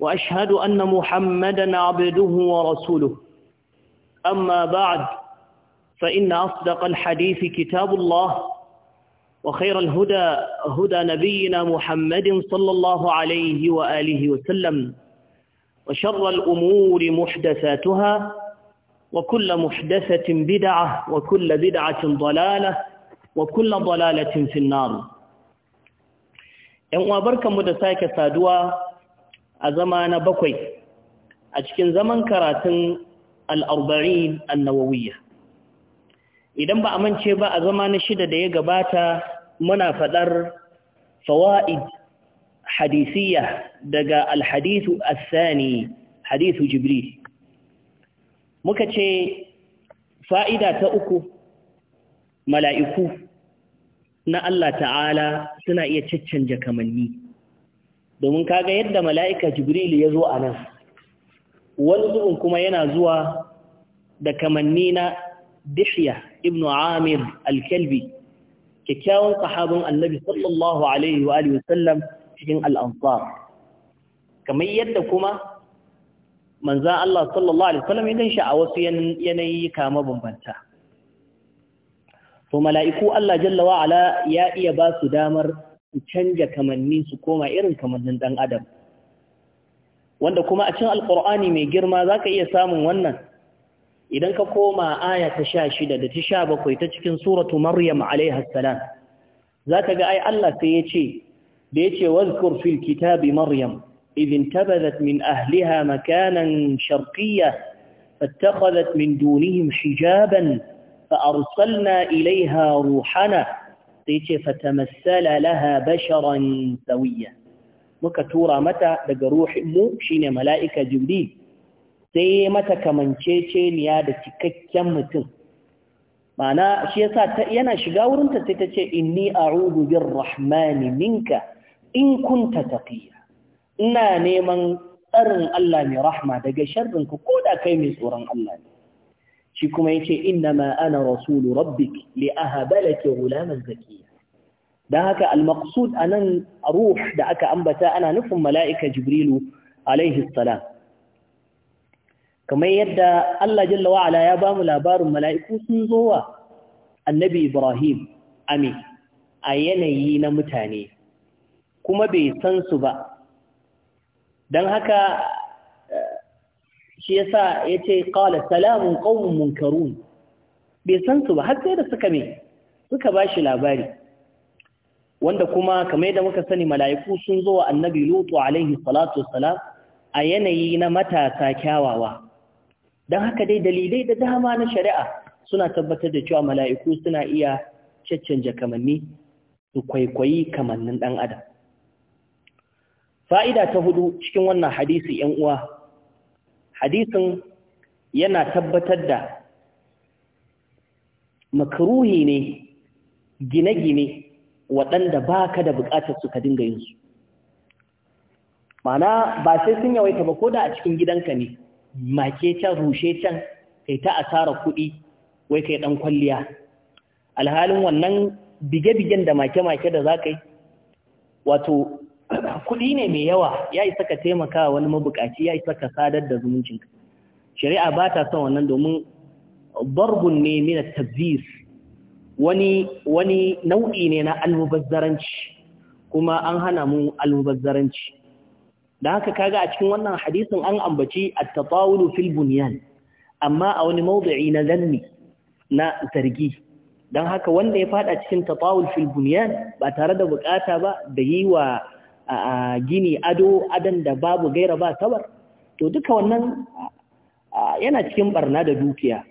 وأشهد أن محمدا عبده ورسوله أما بعد فإن أصدق الحديث كتاب الله وخير الهدى هدى نبينا محمد صلى الله عليه وآله وسلم وشر الأمور محدثاتها وكل محدثة بدعة وكل بدعة ضلالة وكل ضلالة في النار ‘Yan أبركم barkanmu سادوا a zama na bakwai a cikin zaman karatun al'arba'in annawawiyya idan ba a mance ba a zama na shida da ya gabata muna faɗar fawa'id hadisiyya daga alhadisu asani hadisu jibril muka ce fa'ida ta uku mala'iku na Allah ta'ala suna iya caccanja kamanni domin kaga yadda mala'ika jibril ya zo a nan wani zubin kuma yana zuwa da kamanni na dihya ibn amir alkalbi kyakkyawan sahabin annabi sallallahu alaihi wa sallam cikin al'amfar kamar yadda kuma manza Allah sallallahu alaihi wasallam ya ganshi a wasu yanayi kama bambanta to mala'iku Allah jalla ala ya iya ba su damar su canja kamanni su koma irin kamannin dan adam wanda kuma a cikin alqur'ani mai girma zaka iya samun wannan idan ka koma aya ta 16 da ta 17 ta cikin suratu maryam alaiha salam zaka ga ai Allah sai ya ce da ya ce wazkur fil kitabi maryam idin tabadat min ahliha makanan sharqiyya fattakhadhat min dunihim hijaban fa arsalna ilaiha ruhana sai ce fatamassala laha basharan sawiyya. muka tura mata daga mu shine mala'ika jibril sai mata kamanceceniya da cikakken mutum mana shi yasa yana shiga ta sai ta ce inni a'udhu birrahmani minka in kunta taqiya ina neman tsarin Allah mai rahma daga sharrin ka koda kai mai tsoron Allah ne shi kuma yace inna ma ana rasulu rabbik li ahabalaki ghulaman zakiya dan haka al-maqsud anan ruh da aka ambata ana nufin mala'ika jibrilu alaihi salam kamar yadda Allah jalla wa ala ya bamu labarin mala'iku sun zo wa annabi Ibrahim ame a yanayi na mutane kuma bai san su ba don haka shi yasa yace qala salamun qaumun munkarun bai san su ba har sai da suka me suka bashi labari wanda kuma kamar yadda muka sani mala'iku sun zo wa annabi lutu alaihi salatu wassalam a yanayi na matasa kyawawa don haka dai dalilai da dama na shari'a suna tabbatar da cewa mala'iku suna iya caccanja kamanni su kwaikwayi kamannin ɗan adam fa'ida ta hudu cikin wannan hadisi ‘yan uwa hadisin yana tabbatar da makaruhi ne gine-gine waɗanda ba ka da buƙatar suka dinga yin su mana ba sai sun yawaita ba ko da a cikin gidanka ne make can rushe can kai ta asara kuɗi wai kai ɗan kwalliya alhalin wannan bige-bigen da make-make da za ka yi wato kuɗi ne mai yawa ya isa ka taimaka wani mabukaci ya isa ka sadar da zumuncinka shari'a ba ta son wannan domin barbun ne mina tabbis wani wani nau'i ne na almubazzaranci kuma an hana mu almubazzaranci da haka kaga a cikin wannan hadisin an ambaci a tatawulu fil bunyan amma a wani mawdu'i na zanni na zargi Dan haka wanda ya fada cikin Tafawul fil bunyan ba tare da bukata ba da yi wa a gini ado adan da babu gaira ba tabar to duka wannan yana cikin barna da dukiya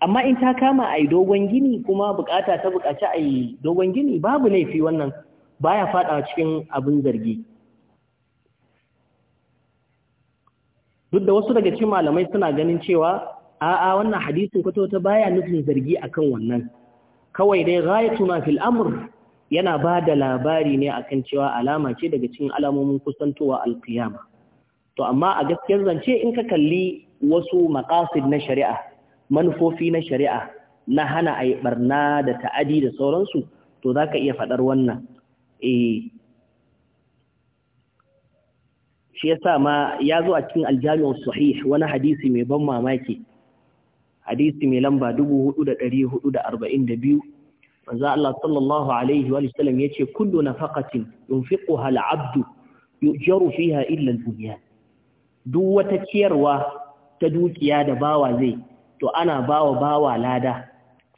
amma in ta kama a dogon gini kuma bukata ta bukaci a yi dogon gini babu laifi wannan baya fada cikin abin zargi duk da wasu daga cikin malamai suna ganin cewa a'a wannan hadisin kwato baya nufin zargi akan wannan kawai dai ghayatu ma fil amr yana ba da labari ne a kan cewa alama ce daga cikin alamomin kusantowa alkiyama to amma a gaskiyar zance in ka kalli wasu makasid na shari'a manufofi na shari'a na hana a yi barna da ta'adi da sauransu to za ka iya faɗar wannan eh shi ya sa ma ya zo a cikin aljami'u sahih wani hadisi mai ban mamaki hadisi mai lamba 4442 manzo Allah sallallahu alaihi wa sallam yace kullu nafaqatin yunfiquha al-'abdu yujaru fiha illa al-bunyan duk wata ciyarwa ta dukiya da bawa zai to ana bawa bawa lada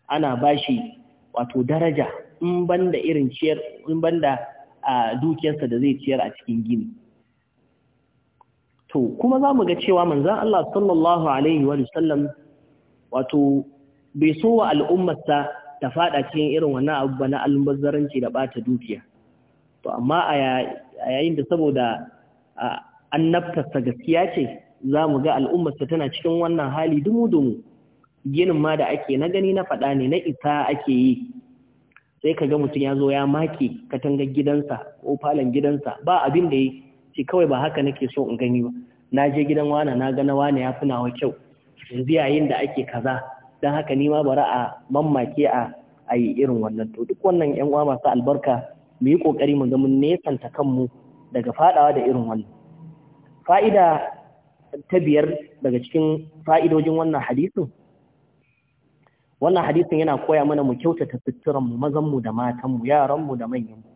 ana bashi wato daraja in banda irin ciyar in banda dukiyarsa da zai ciyar a cikin gini to kuma za mu ga cewa manzan Allah sallallahu alaihi wa sallam wato bai so wa al'ummarsa ta fada cikin irin wannan ba na almubazzaranci da bata dukiya to amma a yayin da saboda annabtarsa gaskiya ce za mu ga al'ummarsa tana cikin wannan hali dumu-dumu ginin ma da ake na gani na faɗa ne na isa ake yi sai ka ga mutum ya zo ya make katangar gidansa ko falon gidansa ba abin da ya ce kawai ba haka nake so in gani ba na je gidan wana na ga na wana ya fi nawa kyau yanzu yayin da ake kaza don haka nima bari a mammake a a yi irin wannan to duk wannan yan uwa masu albarka mu yi kokari mu ga mun nesanta kanmu daga fadawa da irin wannan fa'ida ta biyar daga cikin fa'idojin wannan hadisin wannan hadisin yana koya mana mu kyautata suturan mu mazan mu da matan mu yaran mu da manyan mu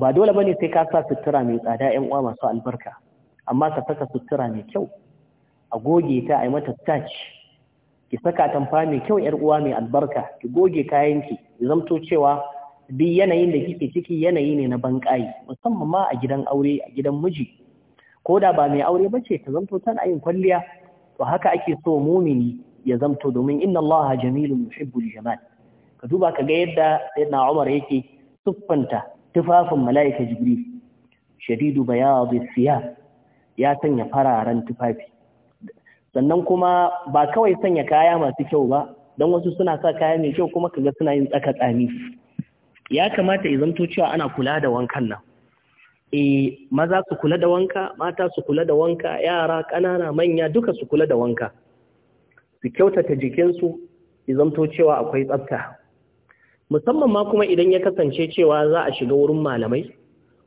ba dole bane sai ka sa sutura mai tsada yan uwa masu albarka amma ka saka sutura mai kyau a goge ta a yi mata touch ki saka tamfa mai kyau yar uwa mai albarka ki goge kayanki ki zamto cewa duk yanayin da kike ciki yanayi ne na banƙayi musamman ma a gidan aure a gidan miji ko da ba mai aure bace ta zamto tana yin kwalliya to haka ake so mumini ya zamto domin inna Allah jamilun yuhibbul jamal ka duba ka ga yadda sayyidina Umar yake siffanta tufafin mala'ika Jibril shadidu bayadhi siyah ya sanya fararen tufafi sannan kuma ba kawai sanya kaya masu kyau ba don wasu suna sa kaya mai kyau kuma kaga suna yin tsaka tsami ya kamata ya zanto cewa ana kula da wankan nan e maza su kula da wanka mata su kula da wanka yara ƙanana manya duka su kula da wanka su kyautata jikinsu ya zanto cewa akwai tsafta musamman ma kuma idan ya kasance cewa za a shiga wurin malamai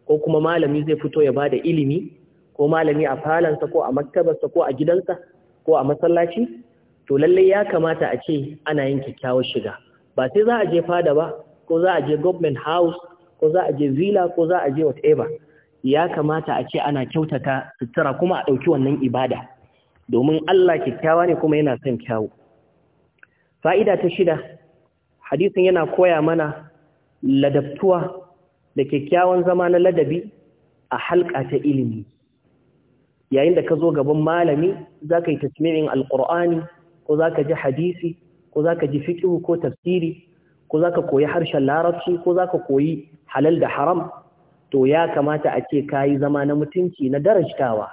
ko kuma malami zai fito ya ba da ilimi ko malami a falansa ko a maktabarsa ko a gidansa ko a masallaci to lallai ya kamata a ce ana yin kyakkyawar shiga ba sai za a je fada ba ko za a je government house ko za a je villa ko za a je whatever ya kamata a ce ana kyautata sutura kuma a ɗauki wannan ibada domin Allah kyakkyawa ne kuma yana son kyawu fa'ida ta shida hadisin yana koya mana ladabtuwa da kyakkyawan zama na ladabi a halka ta ilimi yayin da ka zo gaban malami za ka yi tasmi'in alƙur'ani ko za ka ji hadisi ko za ka ji fiƙihu ko tafsiri ko za ka koyi harshen larabci ko za ka koyi halal da haram to ya kamata a ce ka yi zama na mutunci na darajtawa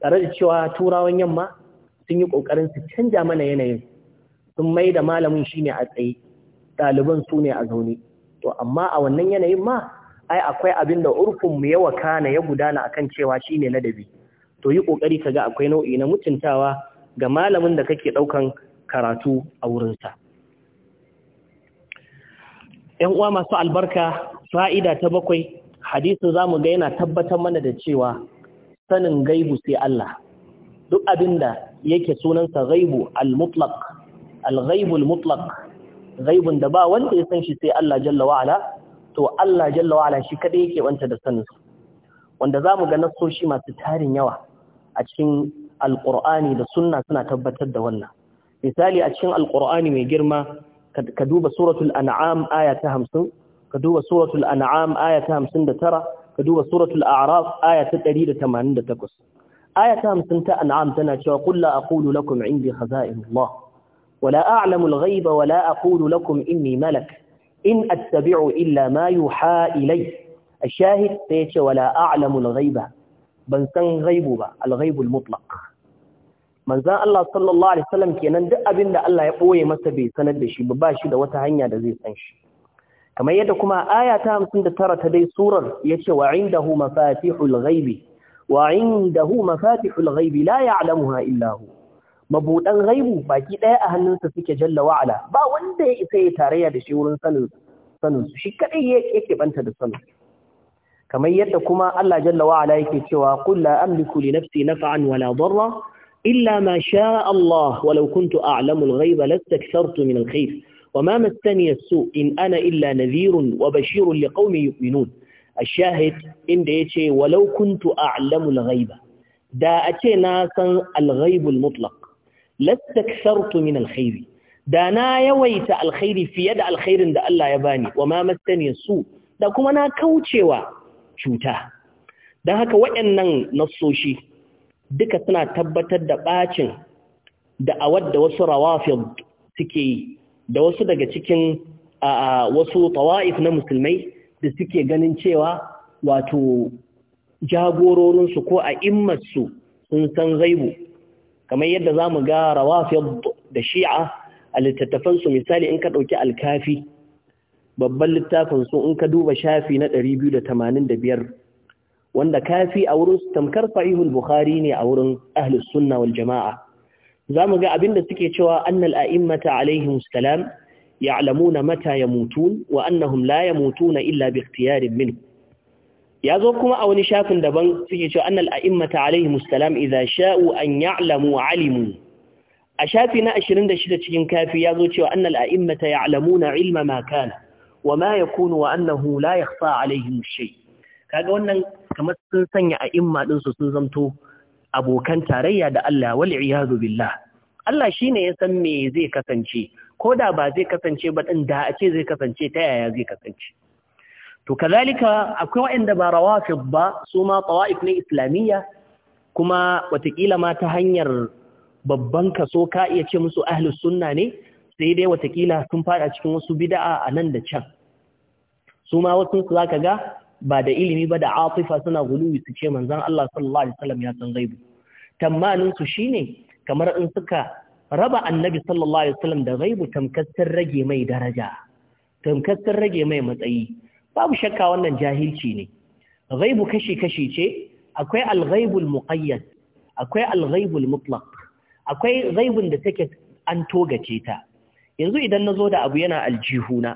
tare da cewa turawan yamma sun yi ƙoƙarin su canja mana yanayin sun mai da malamin shi ne a tsaye ɗaliban su ne a zaune to amma a wannan yanayin ma ai akwai abin da mu ya wakana ya gudana akan cewa shi ne ladabi to yi ƙoƙari ka ga akwai nau'i na mutuntawa ga malamin da kake ɗaukan karatu a wurinsa. ‘Yan uwa masu albarka fa'ida ta bakwai hadisu za mu ga yana tabbatar mana da cewa sanin gaibu sai Allah duk abin da yake sunansa gaibu al-mutlaq al al mutlaq gaibun da ba wanda ya san shi sai Allah jalla wa'ala to Allah jalla wa'ala shi kadai yake wanta da sanin wanda zamu ga nassoshi masu tarin yawa a cikin alƙur'ani da sunna suna tabbatar da wannan misali a cikin alƙur'ani mai girma ka duba suratul an'am aya ta 50 ka duba suratul an'am aya ta 59 ka duba suratul a'raf aya ta 188 aya ta 50 ta an'am tana cewa qul la aqulu lakum indi khaza'inullah wala a'lamu al-ghaiba wala aqulu lakum inni malak in attabi'u illa ma yuha ilay الشاهد wala ولا أعلم الغيبة ban san ghaibu ba al-ghaibul mutlaq manzon Allah sallallahu alaihi wasallam kenan duk abin da Allah ya boye masa bai sanar da shi ba shi da wata hanya da zai san shi kamar yadda kuma aya ta 59 ta dai surar yace wa indahu mafatihul ghaibi wa indahu mafatihul ghaibi la ya'lamuha illa hu mabudan ghaibu baki daya a hannunsa suke jalla wa ala ba wanda ya isa ya tarayya da shi wurin sanin sanin shi kadai yake banta da sanin kamar yadda kuma Allah jalla wa'ala yake cewa qul la amliku li nafsi naf'an wala barra illa ma sha'a Allah walau kuntu a'lamu al-ghaiba lastakthartu min al-khayr wama mastani as-su' in ana illa nadhirun wa bashirun liqaumin yu'minun ash-shahid inda yace walau kuntu a'lamu ghaiba da a ce na san al mutlaq lastakthartu min al-khayr da na yawaita al fiye da yad da Allah ya bani wama mastani as-su' da kuma na kaucewa cuta don haka waɗannan nassoshi duka suna tabbatar da ɓacin da awad da wasu rawafin suke yi da wasu daga cikin wasu tawa'if na musulmai da suke ganin cewa wato jagororinsu ko a immarsu sun san zaibu kamar yadda za mu ga rawafil da shi'a a littattafansu misali in ka ɗauki alkafi babban littafin su in ka duba shafi na 285 wanda kafi a wurin tamkar sahihul bukhari ne a wurin ahlus sunna wal jamaa mu ga abinda suke cewa annal a'immata alaihim salam ya'lamuna mata yamutun wa annahum la yamutuna illa bi ikhtiyarin min. ya zo kuma a wani shafin daban suke cewa annal a'immata alaihim salam idza sha'u an ya'lamu alimu a shafi na 26 cikin kafi ya zo cewa annal a'immata ya'lamuna ilma ma kana wa ma kunu wa annahu la sa alaihim shay kaga wannan kamar sun sanya a imma din su sun zamto abokan tarayya da Allah wal iyadu billah Allah ne ya san me zai kasance ko da ba zai kasance ba din da a ce zai kasance ta yaya zai kasance to kazalika akwai waɗanda ba rawafid ba su ma tawa'if ne islamiyya kuma watakila ma ta hanyar babban kaso ka iya ce musu ahlus sunna ne sai dai watakila sun fada cikin wasu bida'a a nan da can su ma wasu su zaka ga ba da ilimi ba da atifa suna guluwi su ce manzon Allah sallallahu alaihi wasallam ya san gaibu tamanin shine kamar in suka raba annabi sallallahu alaihi wasallam da gaibu tamkassar rage mai daraja tamkassar rage mai matsayi babu shakka wannan jahilci ne gaibu kashi kashi ce akwai al-ghaibul muqayyad akwai al-ghaibul mutlaq akwai gaibun da take an togace ta yanzu idan na zo da abu yana aljihuna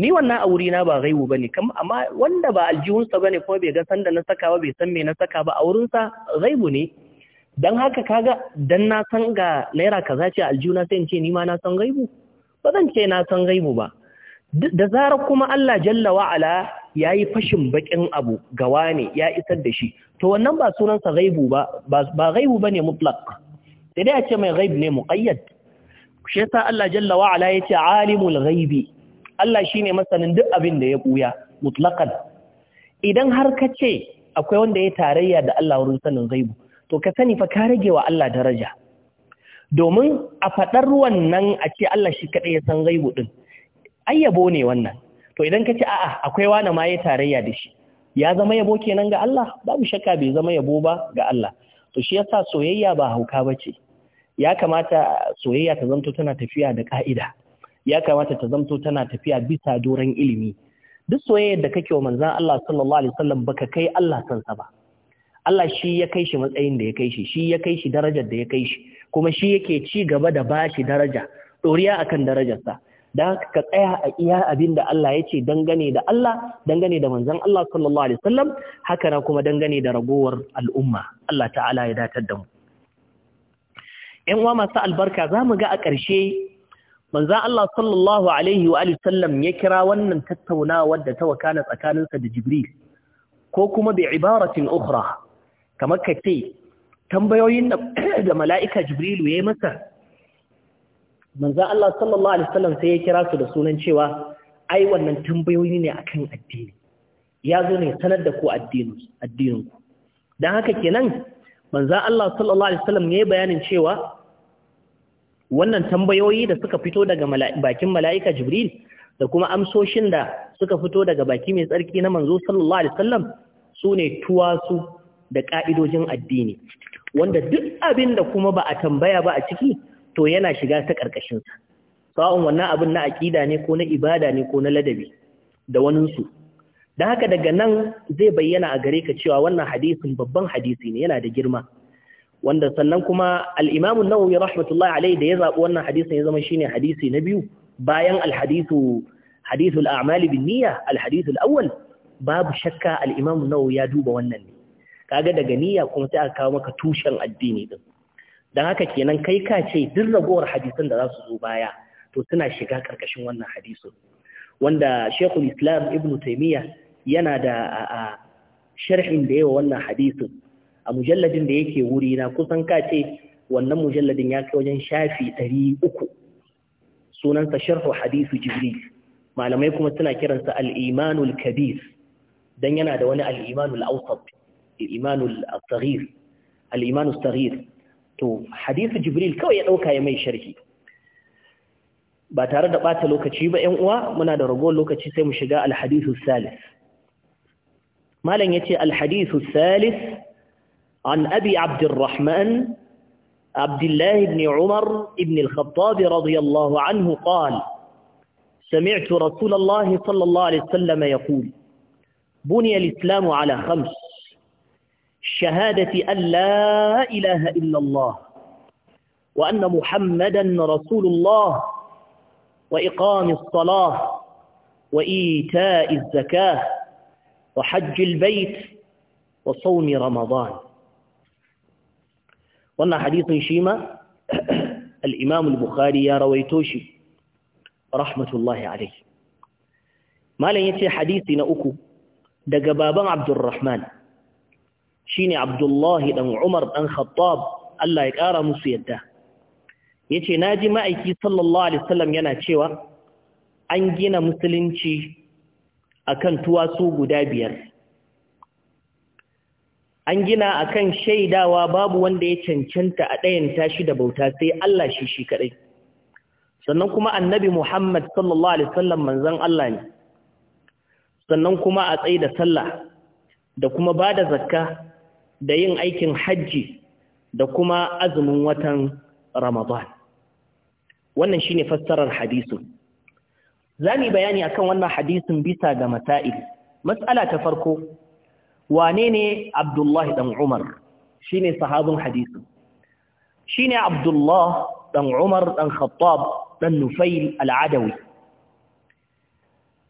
ni wannan a wuri na ba gaibu bane. amma wanda ba aljihunsa ba ne kuma bai ga sanda na saka ba bai san me na saka ba a sa, gaibu ne don haka kaga dan na san ga naira kaza ce aljihuna sai in ce ni ma na san gaibu ba zan ce na san gaibu ba da zarar kuma Allah jalla wa'ala ya yi fashin bakin abu ga wane ya isar da shi to wannan ba sunansa gaibu ba ba gaibu bane mutlaq sai dai a ce mai gaib ne muqayyad shi yasa Allah jalla wa ala yace alimul ghaibi Allah shine masanin duk abin da ya buya mutlaqan idan har ka ce akwai wanda ya tarayya da Allah wurin sanin ghaibu to ka sani fa ka rage wa Allah daraja domin a fadar wannan a ce Allah shi kadai ya san ghaibu din ayyabo ne wannan to idan ka ce a'a akwai wani ma ya tarayya da shi ya zama yabo kenan ga Allah babu shakka bai zama yabo ba ga Allah to shi yasa soyayya ba hauka bace ya kamata soyayya ta zamto tana tafiya da ka'ida ya kamata ta zamto tana tafiya bisa doron ilimi duk soyayyar da kake wa manzan Allah sallallahu alaihi wasallam baka kai Allah san ba Allah shi ya kai shi matsayin da ya kai shi shi ya kai shi darajar da ya kai shi kuma shi yake ci gaba da bashi daraja doriya akan darajarsa da ka tsaya a iya abin da Allah ya ce dangane da Allah dangane da manzan Allah sallallahu alaihi wasallam haka na kuma dangane da ragowar al'umma Allah ta'ala ya datar da mu ‘yan wa masu albarka za mu ga a ƙarshe manza Allah sallallahu Alaihi wa sallam ya kira wannan tattaunawa da ta wakana tsakaninsa da Jibril ko kuma bi ibaratin ukhra kamar ka ce tambayoyin da mala'ika Jibrilu ya yi masa manza Allah sallallahu Alaihi sallam sai ya kira su da sunan cewa ai wannan tambayoyi ne akan addini ya zo ne sanar da ku addininku don haka kenan manza Allah sallallahu Alaihi sallam ya yi bayanin cewa wannan tambayoyi da suka fito daga bakin mala'ika Jibril da kuma amsoshin da suka fito daga baki mai tsarki na manzo sallallahu alaihi wasallam su ne tuwasu da ka'idojin addini wanda duk abin da kuma ba a tambaya ba a ciki to yana shiga ta ƙarƙashinsa. sa’on wannan abin na aƙida ne ko na ibada ne ko na ladabi da waninsu, da haka daga nan zai bayyana a gare ka cewa wannan hadisin babban hadisi ne yana da girma wanda sannan kuma al-Imam an-Nawawi rahmatullahi alayhi da ya zabi wannan hadisin ya zama ne hadisi na biyu bayan al-hadithu a'mali bin niyya al awwal babu shakka al-Imam nawawi ya duba wannan ne kaga daga niyya kuma sai aka kawo maka tushen addini din dan haka kenan kai ka ce duk ragowar hadisan da za su zo baya to suna shiga karkashin wannan hadisin wanda Sheikhul Islam Ibn Taymiyyah yana da sharhin da yawa wannan hadisin a mujalladin da yake wuri na kusan ka ce wannan mujalladin ya kai wajen shafi ɗari uku sunansa sharhu hadisu jibril malamai kuma suna kiransa al'imanul kabir Dan yana da wani al ausab al'imanul sarir al'imanul sarir to hadisu jibril kawai ya ɗauka ya mai sharhi ba tare da ɓata lokaci ba ‘yan uwa muna da ragowar lokaci sai mu shiga alhadisu salis malam ya ce alhadisu salis عن أبي عبد الرحمن عبد الله بن عمر بن الخطاب رضي الله عنه قال سمعت رسول الله صلى الله عليه وسلم يقول بني الإسلام على خمس شهادة أن لا إله إلا الله وأن محمدا رسول الله وإقام الصلاة وإيتاء الزكاة وحج البيت وصوم رمضان wannan hadisin shi ma al bukhari ya rawaito shi rahmatullahi alayhi malam yace hadisi na uku daga baban Abdurrahman shine Abdullahi ɗan Umar dan Khattab Allah ya ƙara musu yadda yace naji ma'aiki sallallahu alaihi sallam yana cewa an gina musulunci akan tuwasu guda biyar an gina a kan shaidawa babu wanda ya cancanta a ɗayan tashi da bauta sai Allah shi shi kaɗai sannan kuma annabi Muhammad sallallahu alaihi wasallam manzan Allah ne sannan kuma a tsaye da sallah da kuma ba da zakka da yin aikin hajji da kuma azumin watan Ramadan wannan shi ne fassarar Za yi bayani akan wannan hadisin bisa ga masail mas'ala ta farko wane ne abdullahi dan umar shi ne sahabin hadisun shi ne abdullahi dan umar dan khattab dan nufail al'adawi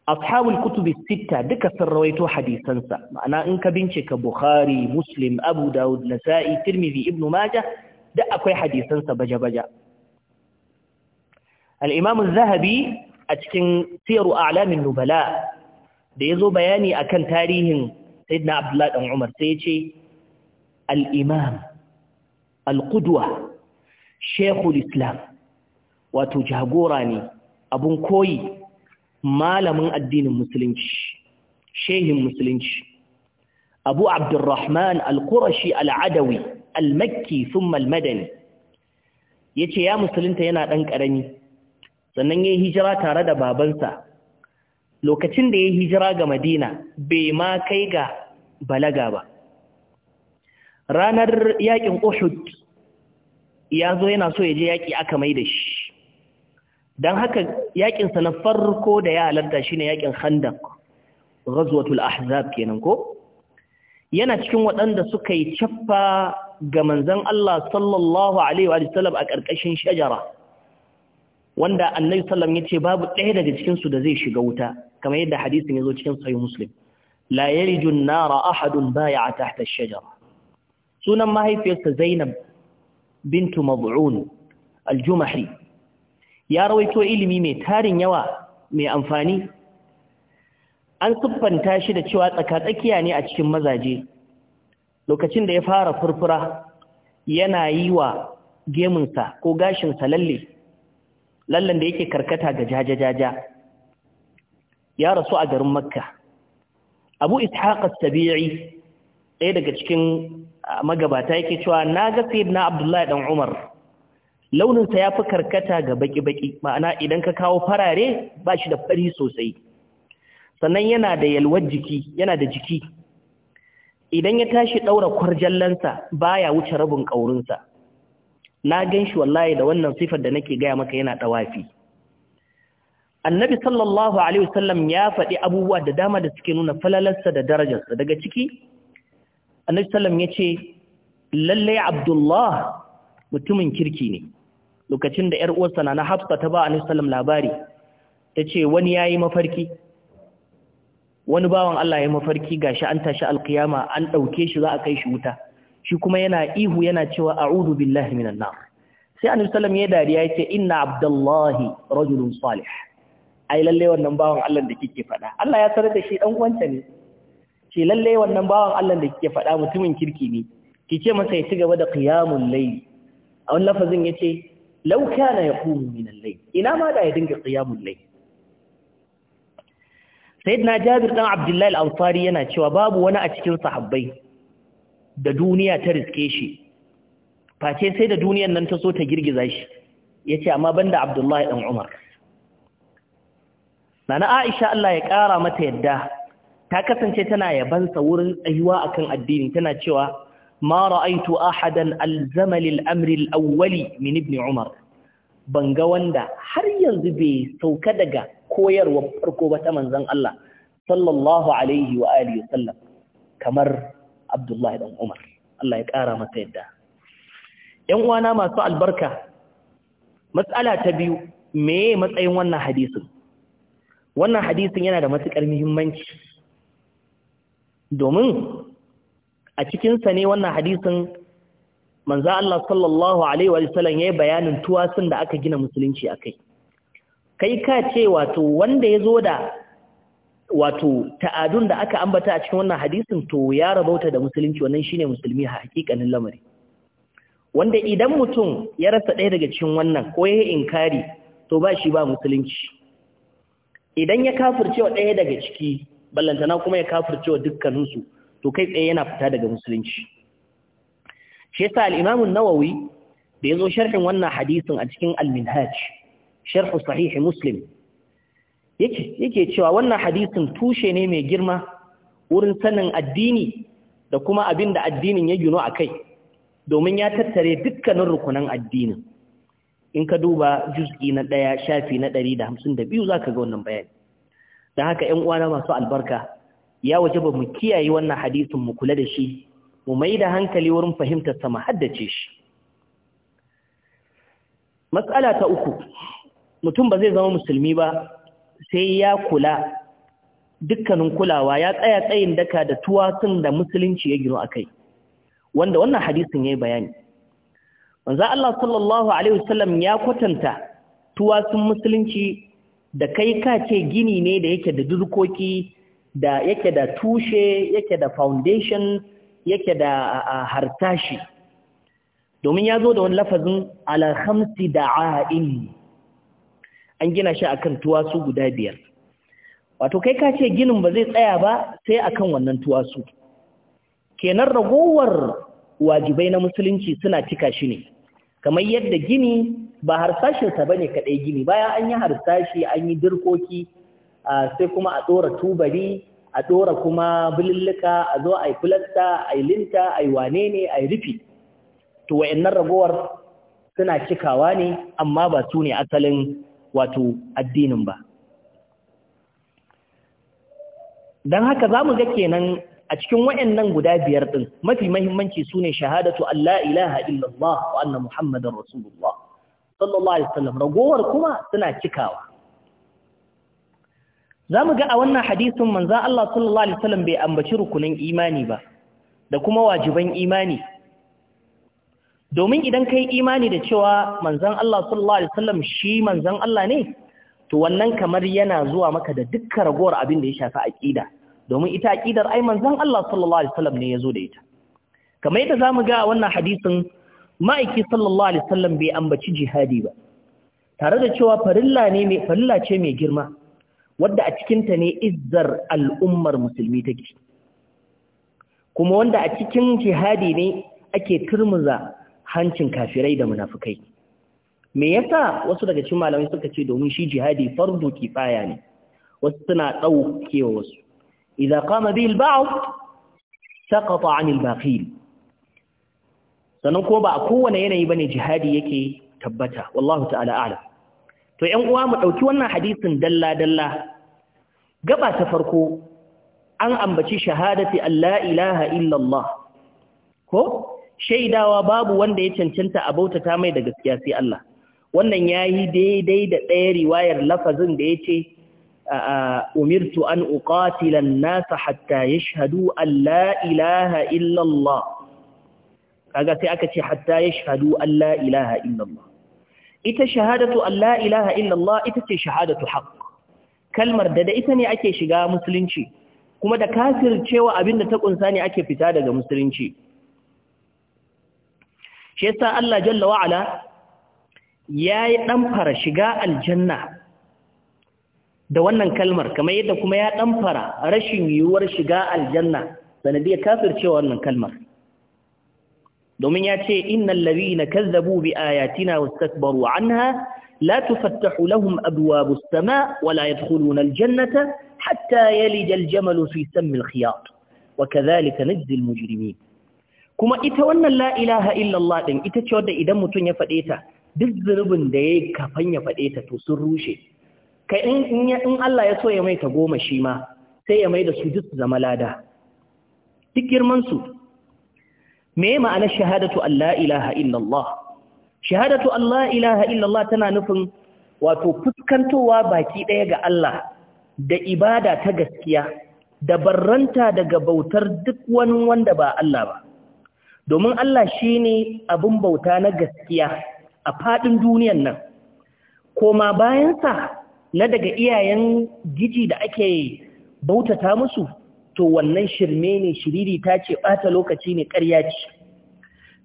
ashabul kutubi sita duka sun rawaito hadisansa ma'ana in ka bincika bukhari muslim abu dawud nasa'i tirmidhi ibnu maja da akwai hadisansa baje-baje al-imam zahabi a cikin siyaru a'lamin nubala da ya zo bayani akan tarihin sayyidina abdullahi dan umar sai yace al-imam al-qudwa shaykhul islam wato jagora ne abun koyi malamin addinin musulunci shehin musulunci abu abdurrahman al-qurashi al-adawi al-makki thumma al-madani yace ya musulunta yana dan karami sannan yayi hijira tare da babansa lokacin da ya yi hijira ga madina bai ma kai ga balaga ba ranar yakin uhud ya zo yana so ya je yaƙi aka mai da shi don haka yaƙinsa na farko da ya halarta shi ne yakin khandak ghazwatul ahzab kenan ko yana cikin waɗanda suka yi caffa ga manzon Allah sallallahu alaihi wa sallam a ƙarƙashin shajara wanda annabi sallam ya ce babu ɗaya daga cikinsu da zai shiga wuta kamar yadda hadisin ya zo cikin sayi muslim la yarijun nara ahadun baya a tahta shajara sunan mahaifiyarsa zainab bintu mab'un aljumahi ya rawaito ilimi mai tarin yawa mai amfani an siffanta shi da cewa tsakatsakiya ne a cikin mazaje lokacin da ya fara furfura yana yi wa gemunsa ko gashinsa lalle lallan da yake karkata ga jajajaja ya rasu a garin makka abu ishaq as-sabi'i ɗaya daga cikin magabata yake cewa na ga sayyidina abdullahi dan umar launinsa ya fi karkata ga baki-baki ma'ana idan ka kawo farare ba shi da fari sosai sannan yana da yalwar jiki yana da jiki idan ya tashi ɗaura kwarjallansa baya wuce rabin ƙaurinsa na gan shi wallahi da wannan sifar da nake gaya maka yana ɗawafi annabi sallallahu alaihi wasallam ya faɗi abubuwa da dama da suke nuna falalarsa da darajarsa daga ciki annabi sallam ya ce lallai abdullah mutumin kirki ne lokacin da ‘yar uwarsa na hafsa ta ba annabi sallam labari ta ce wani ya yi mafarki wani bawan Allah ya mafarki Ga shi an tashi alkiyama an ɗauke shi za a kai shi wuta shi kuma yana ihu yana cewa a'udhu billahi minan nar sai annabi sallam ya dariya yace inna abdullahi rajulun salih ai lalle wannan bawan Allah da kike fada. Allah ya sanar da shi dan uwanta ne ce lalle wannan bawan Allah da kike fada mutumin kirki ne Ki ce masa ya ci gaba da qiyamul layl a wannan lafazin yace law kana yaqumu min al-layl ina ma da ya dinga qiyamul layl sayyidina jabir dan abdullahi al-ansari yana cewa babu wani a cikin sahabbai da duniya ta riske shi face sai da duniyan nan ta so ta girgiza shi yace amma banda Abdullahi dan Umar Nana Aisha Allah ya ƙara mata yadda ta kasance tana yabansa wurin tsayuwa akan addini tana cewa ma ra'aitu ahadan alzama lil amri al-awwali min ibn Umar banga wanda har yanzu bai sauka daga koyarwa farko ba ta manzon Allah sallallahu alaihi wa alihi wasallam kamar abdullahi dan umar Allah ya ƙara masa yadda ‘yan uwana masu albarka matsala ta biyu meye matsayin wannan hadisin wannan hadisin yana da matuƙar muhimmanci domin a cikinsa ne wannan hadisin manza Allah sallallahu Alaihi wasallam ya yi bayanin tuwasun da aka gina musulunci a kai kai ka ce wato wanda ya zo da wato ta'adun da aka ambata a cikin wannan hadisin to ya rabauta da musulunci wannan shine musulmi a hakikanin lamari wanda idan mutum ya rasa ɗaya daga cikin wannan ko ya inkari to ba shi ba musulunci idan ya wa ɗaya daga ciki ballantana kuma ya wa dukkaninsu to kai tsaye yana fita daga musulunci shi yasa al-Imam an-Nawawi da yazo sharhin wannan hadisin a cikin al-Minhaj sharh sahih Muslim yake cewa wannan hadisin tushe ne mai girma wurin sanin addini da kuma abin da addinin ya gino a kai domin ya tattare dukkanin rukunan addinin in ka duba juz'i na ɗaya shafi na ɗari da hamsin da biyu za ka ga wannan bayani don haka ‘yan uwana masu albarka ya waje ba mu kiyaye wannan hadisin mu kula da shi mu mai da hankali wurin fahimtar sa mu haddace shi matsala ta uku mutum ba zai zama musulmi ba sai ya kula dukkanin kulawa ya tsaya tsayin daka da tuwatsun da musulunci ya gino a kai wanda wannan hadisin ya yi bayani wanzan Allah sallallahu alaihi wasallam ya kwatanta tuwatsun musulunci da kai ka ce gini ne da yake da durkoki da yake da tushe yake da foundation yake da hartashi domin ya zo da wani lafazin alhamsi da da'a'in an gina shi akan tuwasu guda biyar wato kai ka ce ginin ba zai tsaya ba sai akan wannan tuwasu kenan ragowar wajibai na musulunci suna cika shi ne kamar yadda gini ba harsashinsa ba ne kaɗai gini bayan an yi harsashi an yi dirkoki sai kuma a ɗora tubari a ɗora kuma bululluka a zo a yi fulasta a yi linta a yi wane ne a yi rufi to wa'annan ragowar suna cikawa ne amma ba su ne asalin wato addinin ba don haka za mu ga kenan a cikin wayannan guda biyar ɗin mafi mahimmanci su ne shahadatu Allah ilaha illallah wa anna Muhammadan Rasulullah sallallahu Alaihi wasallam ragowar kuma suna cikawa. Za mu ga a wannan hadisin manza Allah sallallahu Alaihi wasallam bai ambaci rukunin imani ba da kuma wajiban imani domin idan ka yi imani da cewa manzan Allah sallallahu alaihi wasallam shi manzan Allah ne to wannan kamar yana zuwa maka da dukkan ragowar abin da ya shafi aƙida, domin ita aƙidar ai manzan Allah sallallahu alaihi wasallam ne ya zo da ita kamar yadda zamu ga wannan hadisin ma'aiki sallallahu alaihi wasallam bai ambaci jihadi ba tare da cewa farilla ne mai farilla ce mai girma wadda a cikinta ne izzar al'ummar musulmi take kuma wanda a cikin jihadi ne ake turmuza hancin kafirai da munafukai me yasa wasu daga cikin malamai suka ce domin shi jihadi fardu kifaya ne wasu suna daukewa wasu idza qama bihi al-ba'd saqata 'an al-baqin sannan ko ba a kowane yanayi bane jihadi yake tabbata wallahu ta'ala a'lam to ƴan uwa mu dauki wannan hadisin dalla dalla gaba ta farko an ambaci shahadati an la ilaha illallah shaidawa babu wanda ya cancanta a bautata mai da gaskiya sai Allah wannan yayi daidai da ɗaya riwayar lafazin da yace umirtu an uqatila an-nas hatta yashhadu an la ilaha illa Allah kaga sai aka ce hatta yashhadu an la ilaha illa Allah ita shahadatu an la ilaha illa Allah ita ce shahadatu haqq kalmar da da ita ne ake shiga musulunci kuma da kafircewa abinda ta ƙunsa ne ake fita daga musulunci shi yasa Allah jalla wa ala yayi dan fara shiga aljanna da wannan kalmar kamar yadda kuma ya dan fara rashin yiwuwar shiga aljanna sanadiyar kafircewa wannan kalmar domin ya ce innal ladina kazzabu bi ayatina wastakbaru anha la tufattahu lahum abwabus samaa la yadkhuluna aljannata hatta yalija aljamalu fi sammi alkhiyat wa kadhalika najzi المجرمين kuma ita wannan la illallah din ita ce wadda idan mutum ya faɗe ta duk zunubin da ya kafan ya faɗe ta to sun rushe kai in Allah ya so ya mai ta goma shi ma sai ya mai da su duk zama lada duk girman su me ma'anar shahadatu an ilaha illallah shahadatu an ilaha illallah tana nufin wato fuskantowa baki ɗaya ga Allah da ibada ta gaskiya da barranta daga bautar duk wani wanda ba Allah ba domin Allah shi ne abin bauta na gaskiya a faɗin duniyan nan koma bayansa na daga iyayen giji da ake bautata musu to wannan shirme ne shiriri ta ce ɓata lokaci ne ƙarya ce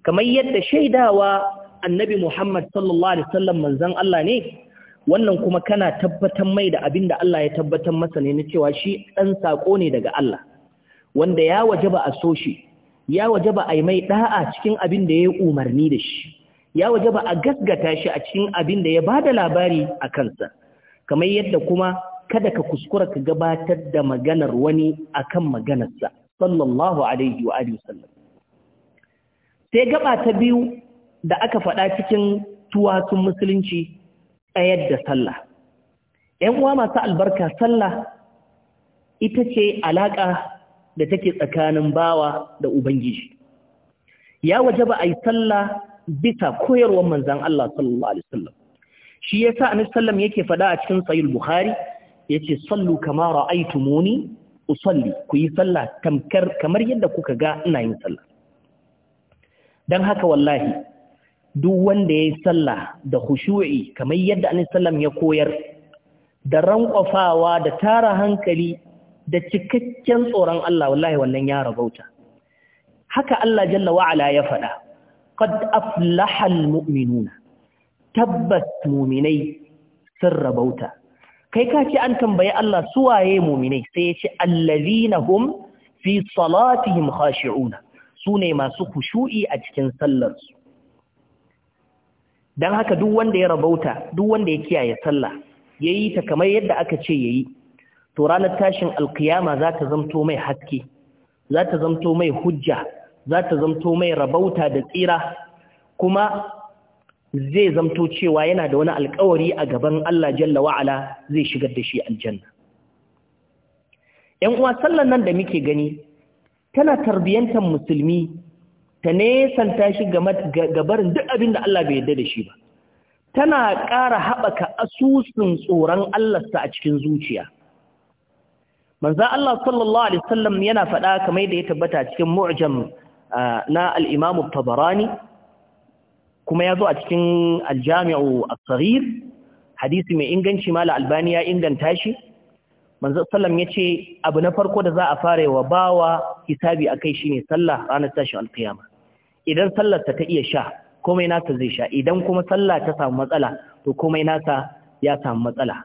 kamar yadda shaidawa annabi Muhammad sallallahu Alaihi wasallam manzan Allah ne wannan kuma kana tabbatar mai da abin da Allah ya tabbatar masa ne na cewa shi ɗan saƙo ne daga Allah wanda ya waje ba a so shi ya waje ba a yi mai ɗa'a cikin abin da ya yi umarni da shi ya waje ba a gasgata shi a cikin abin da ya ba da labari a kansa kamar yadda kuma kada ka kuskura ka gabatar da maganar wani akan maganarsa sallallahu alaihi wa alihi wasallam sai gaba ta biyu da aka faɗa cikin tuwatsun musulunci tsayar da sallah ‘yan uwa masu albarka sallah ita ce alaƙa da take tsakanin bawa da ubangiji ya waje ba a yi sallah bisa koyarwar manzon Allah sallallahu alaihi wasallam shi yasa sa sallam yake fada a cikin buhari bukhari ce sallu kama ra'aytumuni usalli ku yi sallah tamkar kamar yadda kuka ga ina yin sallah dan haka wallahi duk wanda yayi sallah da hushu'i kamar yadda anisallam ya koyar da rankwafawa da tara hankali da cikakken tsoron Allah wallahi wannan ya rabauta haka Allah jalla wa'ala ya faɗa qad aflaha almu'minuna tabbas mu'minai sun rabauta kai ka ce an tambaye Allah su waye mu'minai sai ya ce allazina hum fi salatihim khashi'una sune masu khushu'i a cikin sallar su dan haka duk wanda ya rabauta duk wanda ya kiyaye sallah yayi ta kamar yadda aka ce yayi to ranar tashin alkiyama za ta zamto mai haske za ta zamto mai hujja za ta zamto mai rabauta da tsira kuma zai zamto cewa yana da wani alkawari a gaban Allah jalla wa'ala zai shigar da shi aljanna ‘yan uwa sallan nan da muke gani tana tarbiyyantar musulmi ta nesanta shi gabarin duk abin da Allah bai yarda da shi ba tana ƙara haɓaka asusun tsoron Allahnsa a cikin zuciya manzan Allah sallallahu Alaihi wasallam yana faɗa kamar da ya tabbata cikin mu'jam ah, na al'imamu tabarani kuma ya zo a cikin aljami'u a tsarir hadisi mai inganci mala albani ya inganta shi manzan sallam ya ce abu na farko da za a fara wa bawa hisabi a kai shi ne sallah ranar tashin alkiyama idan sallarsa ta iya sha komai nasa zai sha idan kuma sallah ta samu matsala to komai nasa ya samu matsala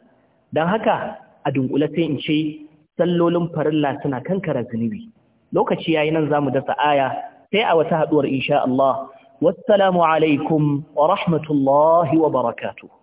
don haka a dunkule sai in ce sallolin farilla suna kankara zunubi lokaci yayi nan zamu dasa aya sai a wata haduwar insha Allah wassalamu alaikum wa rahmatullahi wa barakatuh